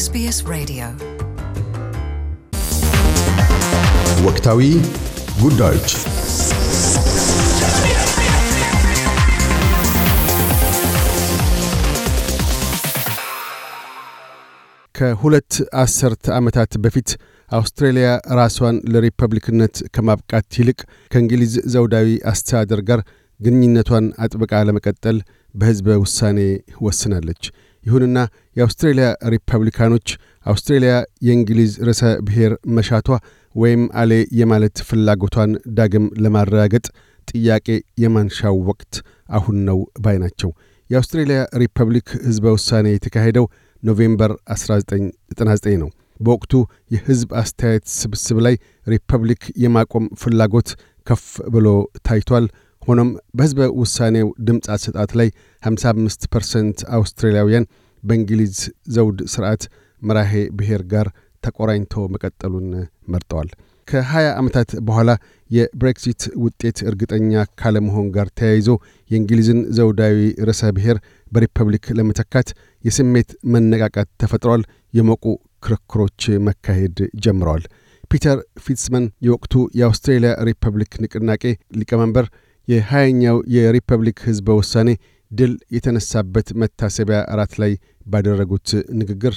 ኤስቢኤስ ሬዲዮ ወቅታዊ ጉዳዮች ከሁለት አስርተ ዓመታት በፊት አውስትሬልያ ራሷን ለሪፐብሊክነት ከማብቃት ይልቅ ከእንግሊዝ ዘውዳዊ አስተዳደር ጋር ግንኙነቷን አጥብቃ ለመቀጠል በሕዝበ ውሳኔ ወስናለች። ይሁንና የአውስትሬልያ ሪፐብሊካኖች አውስትሬልያ የእንግሊዝ ርዕሰ ብሔር መሻቷ ወይም አሌ የማለት ፍላጎቷን ዳግም ለማረጋገጥ ጥያቄ የማንሻው ወቅት አሁን ነው ባይ ናቸው። የአውስትሬልያ ሪፐብሊክ ሕዝበ ውሳኔ የተካሄደው ኖቬምበር 1999 ነው። በወቅቱ የሕዝብ አስተያየት ስብስብ ላይ ሪፐብሊክ የማቆም ፍላጎት ከፍ ብሎ ታይቷል። ሆኖም በሕዝበ ውሳኔው ድምፅ አሰጣት ላይ 55 ፐርሰንት አውስትራሊያውያን በእንግሊዝ ዘውድ ሥርዓት መራሄ ብሔር ጋር ተቆራኝቶ መቀጠሉን መርጠዋል። ከ20 ዓመታት በኋላ የብሬክሲት ውጤት እርግጠኛ ካለመሆን ጋር ተያይዞ የእንግሊዝን ዘውዳዊ ርዕሰ ብሔር በሪፐብሊክ ለመተካት የስሜት መነቃቃት ተፈጥሯል። የሞቁ ክርክሮች መካሄድ ጀምረዋል። ፒተር ፊትስመን የወቅቱ የአውስትሬልያ ሪፐብሊክ ንቅናቄ ሊቀመንበር የሀያኛው የሪፐብሊክ ህዝበ ውሳኔ ድል የተነሳበት መታሰቢያ እራት ላይ ባደረጉት ንግግር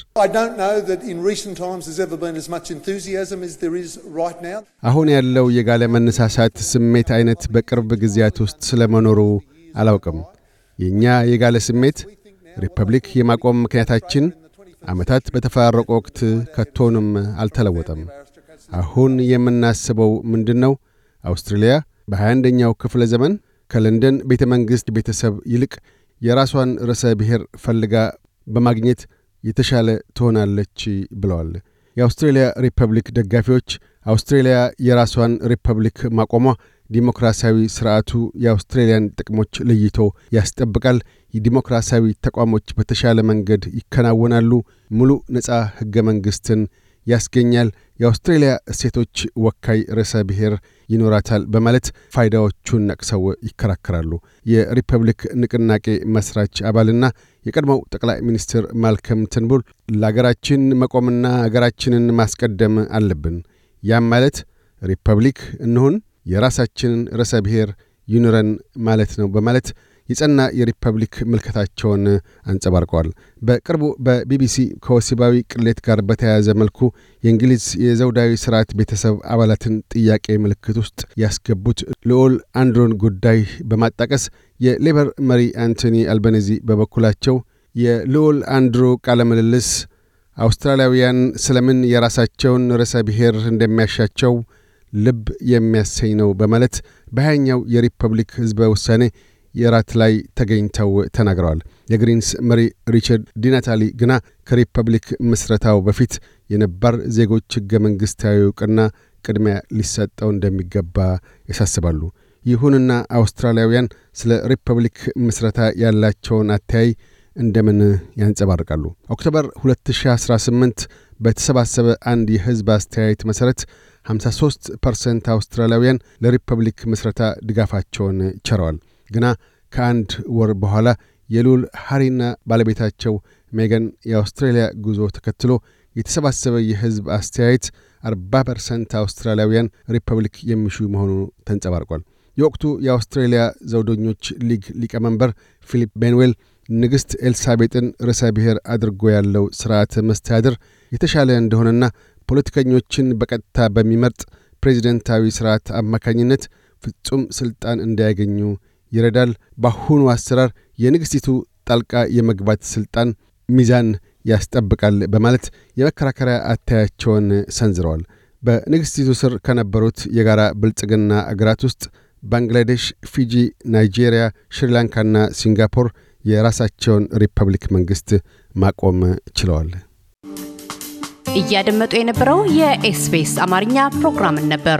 አሁን ያለው የጋለ መነሳሳት ስሜት አይነት በቅርብ ጊዜያት ውስጥ ስለመኖሩ አላውቅም። የእኛ የጋለ ስሜት ሪፐብሊክ የማቆም ምክንያታችን ዓመታት በተፈራረቁ ወቅት ከቶንም አልተለወጠም። አሁን የምናስበው ምንድን ነው? አውስትሬልያ በ21ኛው ክፍለ ዘመን ከለንደን ቤተ መንግሥት ቤተሰብ ይልቅ የራሷን ርዕሰ ብሔር ፈልጋ በማግኘት የተሻለ ትሆናለች ብለዋል። የአውስትሬልያ ሪፐብሊክ ደጋፊዎች አውስትሬልያ የራሷን ሪፐብሊክ ማቆሟ ዲሞክራሲያዊ ስርዓቱ የአውስትሬልያን ጥቅሞች ለይቶ ያስጠብቃል፣ የዲሞክራሲያዊ ተቋሞች በተሻለ መንገድ ይከናወናሉ፣ ሙሉ ነጻ ሕገ መንግሥትን ያስገኛል፣ የአውስትሬልያ እሴቶች ወካይ ርዕሰ ብሔር ይኖራታል በማለት ፋይዳዎቹን ነቅሰው ይከራከራሉ። የሪፐብሊክ ንቅናቄ መስራች አባልና የቀድሞው ጠቅላይ ሚኒስትር ማልከም ትንቡል ለአገራችን መቆምና አገራችንን ማስቀደም አለብን፣ ያም ማለት ሪፐብሊክ እንሁን፣ የራሳችንን ርዕሰ ብሔር ይኑረን ማለት ነው በማለት የጸና የሪፐብሊክ ምልከታቸውን አንጸባርቀዋል። በቅርቡ በቢቢሲ ከወሲባዊ ቅሌት ጋር በተያያዘ መልኩ የእንግሊዝ የዘውዳዊ ስርዓት ቤተሰብ አባላትን ጥያቄ ምልክት ውስጥ ያስገቡት ልዑል አንድሮን ጉዳይ በማጣቀስ የሌበር መሪ አንቶኒ አልበኔዚ በበኩላቸው የልዑል አንድሮ ቃለ ምልልስ አውስትራሊያውያን ስለምን የራሳቸውን ርዕሰ ብሔር እንደሚያሻቸው ልብ የሚያሰኝ ነው በማለት በሀያኛው የሪፐብሊክ ሕዝበ ውሳኔ የራት ላይ ተገኝተው ተናግረዋል። የግሪንስ መሪ ሪቻርድ ዲናታሊ ግና ከሪፐብሊክ ምስረታው በፊት የነባር ዜጎች ሕገ መንግሥታዊ ዕውቅና ቅድሚያ ሊሰጠው እንደሚገባ ያሳስባሉ። ይሁንና አውስትራሊያውያን ስለ ሪፐብሊክ ምስረታ ያላቸውን አተያይ እንደምን ያንጸባርቃሉ? ኦክቶበር 2018 በተሰባሰበ አንድ የሕዝብ አስተያየት መሠረት 53 ፐርሰንት አውስትራሊያውያን ለሪፐብሊክ ምስረታ ድጋፋቸውን ቸረዋል። ግና ከአንድ ወር በኋላ የሉል ሐሪና ባለቤታቸው ሜገን የአውስትራሊያ ጉዞ ተከትሎ የተሰባሰበ የሕዝብ አስተያየት 40 ፐርሰንት አውስትራሊያውያን ሪፐብሊክ የሚሹ መሆኑ ተንጸባርቋል። የወቅቱ የአውስትራሊያ ዘውደኞች ሊግ ሊቀመንበር ፊሊፕ ቤንዌል ንግሥት ኤልሳቤጥን ርዕሰ ብሔር አድርጎ ያለው ሥርዓተ መስተዳድር የተሻለ እንደሆነና ፖለቲከኞችን በቀጥታ በሚመርጥ ፕሬዚደንታዊ ሥርዓት አማካኝነት ፍጹም ሥልጣን እንዳያገኙ ይረዳል። በአሁኑ አሰራር የንግሥቲቱ ጣልቃ የመግባት ሥልጣን ሚዛን ያስጠብቃል በማለት የመከራከሪያ አታያቸውን ሰንዝረዋል። በንግሥቲቱ ስር ከነበሩት የጋራ ብልጽግና አገራት ውስጥ ባንግላዴሽ፣ ፊጂ፣ ናይጄሪያ፣ ሽሪላንካና ሲንጋፖር የራሳቸውን ሪፐብሊክ መንግሥት ማቆም ችለዋል። እያደመጡ የነበረው የኤስፔስ አማርኛ ፕሮግራምን ነበር።